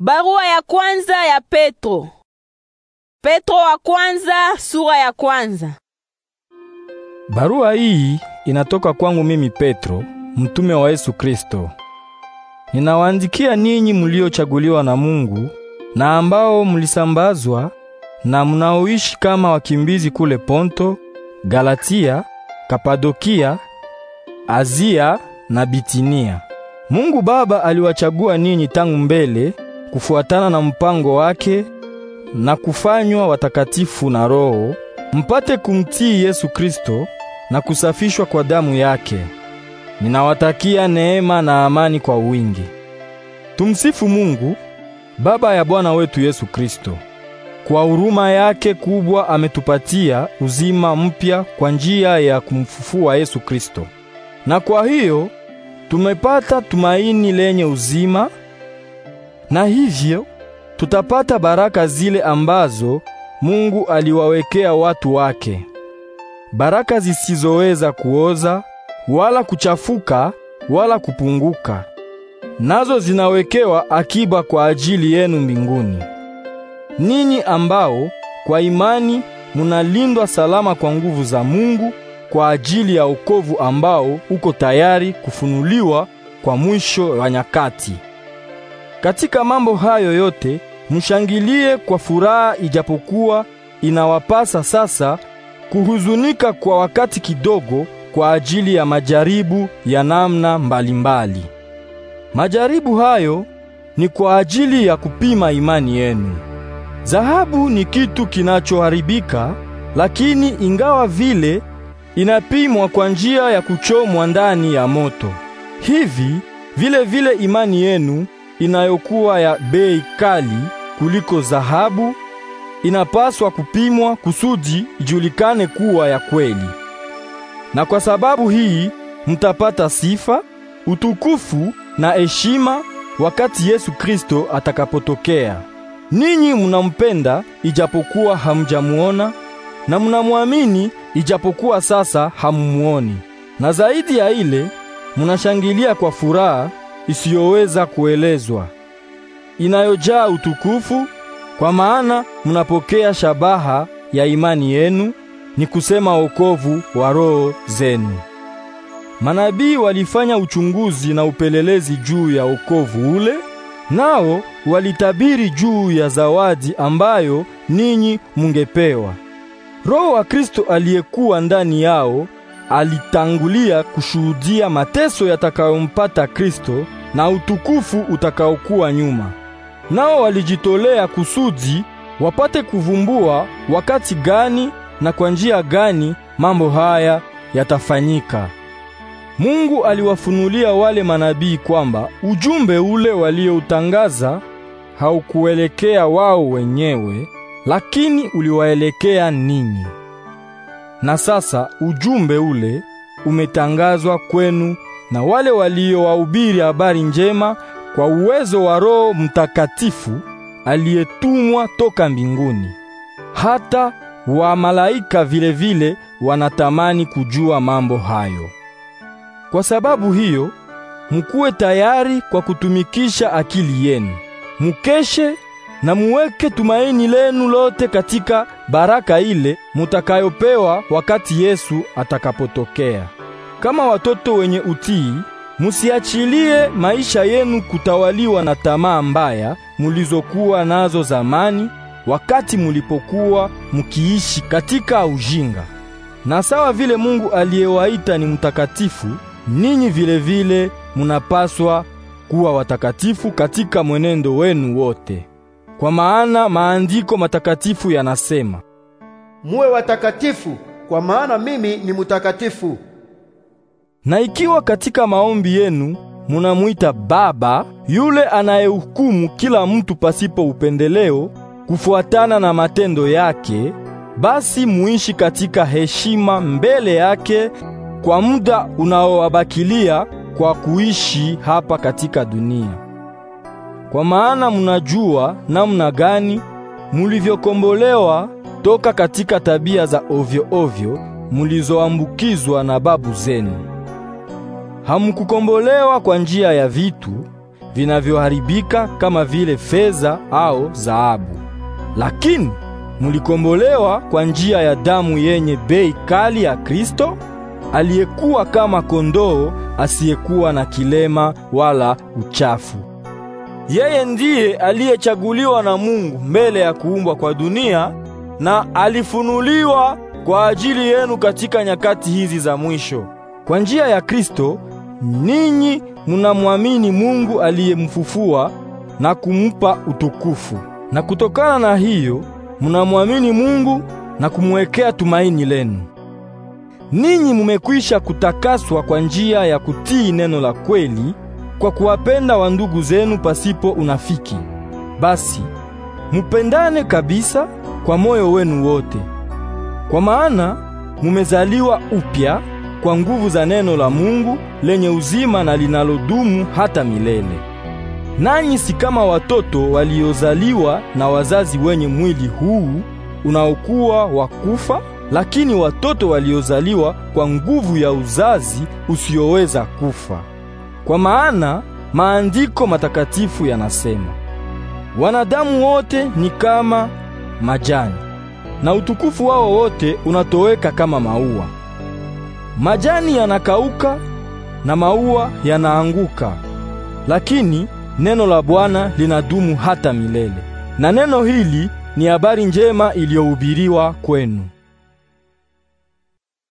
Barua ya kwanza ya Petro. Petro wa kwanza sura ya kwanza. Barua hii inatoka kwangu mimi Petro, mtume wa Yesu Kristo. Ninawaandikia ninyi mliochaguliwa na Mungu na ambao mlisambazwa na mnaoishi kama wakimbizi kule Ponto, Galatia, Kapadokia, Azia na Bitinia. Mungu Baba aliwachagua ninyi tangu mbele kufuatana na mpango wake na kufanywa watakatifu na Roho, mpate kumtii Yesu Kristo na kusafishwa kwa damu yake. Ninawatakia neema na amani kwa wingi. Tumsifu Mungu Baba ya Bwana wetu Yesu Kristo. Kwa huruma yake kubwa ametupatia uzima mpya kwa njia ya kumfufua Yesu Kristo. Na kwa hiyo tumepata tumaini lenye uzima na hivyo tutapata baraka zile ambazo Mungu aliwawekea watu wake, baraka zisizoweza kuoza wala kuchafuka wala kupunguka, nazo zinawekewa akiba kwa ajili yenu mbinguni, ninyi ambao kwa imani munalindwa salama kwa nguvu za Mungu kwa ajili ya wokovu ambao uko tayari kufunuliwa kwa mwisho wa nyakati. Katika mambo hayo yote mshangilie kwa furaha, ijapokuwa inawapasa sasa kuhuzunika kwa wakati kidogo kwa ajili ya majaribu ya namna mbalimbali mbali. Majaribu hayo ni kwa ajili ya kupima imani yenu. Dhahabu ni kitu kinachoharibika, lakini ingawa vile inapimwa kwa njia ya kuchomwa ndani ya moto. Hivi vile vile imani yenu inayokuwa ya bei kali kuliko dhahabu inapaswa kupimwa kusudi ijulikane kuwa ya kweli. Na kwa sababu hii mtapata sifa, utukufu na heshima wakati Yesu Kristo atakapotokea. Ninyi munampenda ijapokuwa hamjamuona na munamwamini ijapokuwa sasa hammuoni. Na zaidi ya ile munashangilia kwa furaha isiyoweza kuelezwa, inayojaa utukufu, kwa maana mnapokea shabaha ya imani yenu, ni kusema wokovu wa roho zenu. Manabii walifanya uchunguzi na upelelezi juu ya wokovu ule, nao walitabiri juu ya zawadi ambayo ninyi mungepewa. Roho wa Kristo aliyekuwa ndani yao alitangulia kushuhudia mateso yatakayompata Kristo na utukufu utakaokuwa nyuma. Nao walijitolea kusudi wapate kuvumbua wakati gani na kwa njia gani mambo haya yatafanyika. Mungu aliwafunulia wale manabii kwamba ujumbe ule walioutangaza haukuelekea wao wenyewe, lakini uliwaelekea ninyi. Na sasa ujumbe ule umetangazwa kwenu na wale waliowahubiri habari njema kwa uwezo wa Roho Mtakatifu aliyetumwa toka mbinguni. Hata wa malaika vilevile wanatamani kujua mambo hayo. Kwa sababu hiyo, mukuwe tayari kwa kutumikisha akili yenu, mukeshe na muweke tumaini lenu lote katika baraka ile mutakayopewa wakati Yesu atakapotokea. Kama watoto wenye utii, musiachilie maisha yenu kutawaliwa na tamaa mbaya mulizokuwa nazo zamani wakati mulipokuwa mukiishi katika ujinga. Na sawa vile Mungu aliyewaita ni mtakatifu, ninyi vile vile munapaswa kuwa watakatifu katika mwenendo wenu wote. Kwa maana maandiko matakatifu yanasema, muwe watakatifu kwa maana mimi ni mtakatifu. Na ikiwa katika maombi yenu munamwita Baba yule anayehukumu kila mtu pasipo upendeleo kufuatana na matendo yake, basi muishi katika heshima mbele yake kwa muda unaowabakilia kwa kuishi hapa katika dunia. Kwa maana munajua namna gani mulivyokombolewa toka katika tabia za ovyo ovyo mulizoambukizwa na babu zenu hamkukombolewa kwa njia ya vitu vinavyoharibika kama vile fedha au dhahabu, lakini mulikombolewa kwa njia ya damu yenye bei kali ya Kristo aliyekuwa kama kondoo asiyekuwa na kilema wala uchafu. Yeye ndiye aliyechaguliwa na Mungu mbele ya kuumbwa kwa dunia na alifunuliwa kwa ajili yenu katika nyakati hizi za mwisho. Kwa njia ya Kristo ninyi munamwamini Mungu aliyemfufua na kumpa utukufu, na kutokana na hiyo munamwamini Mungu na kumwekea tumaini lenu. Ninyi mumekwisha kutakaswa kwa njia ya kutii neno la kweli, kwa kuwapenda wandugu zenu pasipo unafiki. Basi mupendane kabisa kwa moyo wenu wote, kwa maana mumezaliwa upya kwa nguvu za neno la Mungu lenye uzima na linalodumu hata milele. Nanyi si kama watoto waliozaliwa na wazazi wenye mwili huu unaokuwa wakufa, lakini watoto waliozaliwa kwa nguvu ya uzazi usioweza kufa. Kwa maana maandiko matakatifu yanasema, wanadamu wote ni kama majani na utukufu wao wote unatoweka kama maua. Majani yanakauka na maua yanaanguka, lakini neno la Bwana linadumu hata milele. Na neno hili ni habari njema iliyohubiriwa kwenu.